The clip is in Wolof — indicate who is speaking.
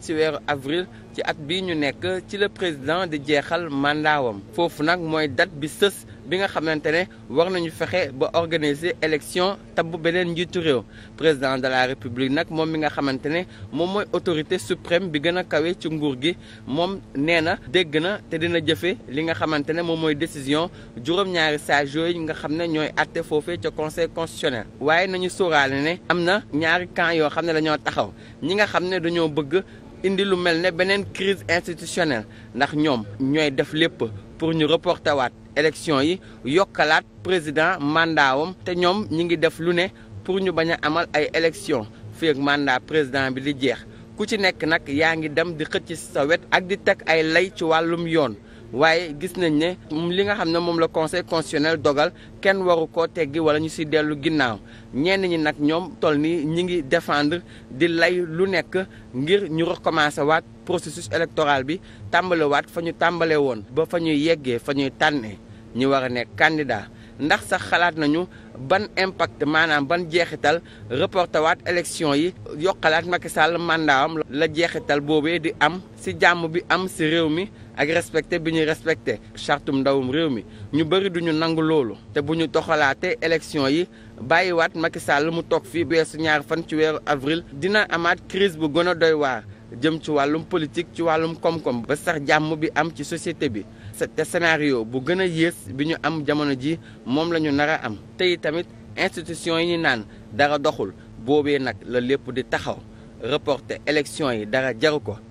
Speaker 1: ci weeru avril ci at bi ñu nekk ci la président di jeexal mandaawam foofu nag mooy date bi sës bi nga xamante ne war nañu fexe ba organiser élection tabb beneen njiitu réew président de la république nag moom mi nga xamante ne moom mooy autorité suprême bi gën a kawe ci nguur gi moom nee na dégg na te dina jëfe li nga xamante ne moom mooy décision juróom-ñaari sages yooyu nga xam ne ñooy àtte foofee ca conseil constitutionnel. waaye nañu sóoraale ne am na ñaari camp yoo xam ne dañoo taxaw indi lu mel ne beneen crise institutionnelle ndax ñoom ñooy def lépp pour ñu reporter waat élection yi yokkalaat président mandaawam te ñoom ñi ngi def lu ne pour ñu bañ a amal ay élection fii ak mandat président bi di jeex ku ci nekk nag yaa ngi dem di xëcc sa wet ak di teg ay lay ci wàllum yoon waaye gis nañ ne li nga xam ne moom la conseil constitutionnel dogal kenn waru koo teggi wala ñu si dellu ginnaaw ñenn ñi nag ñoom toll nii ñi ngi défendre di lay lu nekk ngir ñu recommencé waat processus électoral bi tàmbale waat fa ñu tàmbalee woon ba fa ñuy yeggee fa ñuy tànnee ñu war a nekk candidat ndax sax xalaat nañu ban impact maanaam ban jeexital reporté waat yi yokkalaat Macky Sall mandaawam la jeexital boobee di am si jàmm bi am si réew mi ak respecté bi ñuy respecté chartum ndawum réew mi ñu bëri duñu nangu loolu te bu ñu toxalaatee élection yi bàyyiwaat Macky Sall mu toog fii beesu ñaar fan ci weeru avril dina amaat crise bu gën a doy waar jëm ci wàllum politique ci wàllum koom ba sax jàmm bi am ci société bi te scénario bu gën a yées bi ñu am jamono ji moom la ñu nar a am tey tamit institution yi ñu naan dara doxul boobee nag la lépp di taxaw reporter élection yi dara jaru ko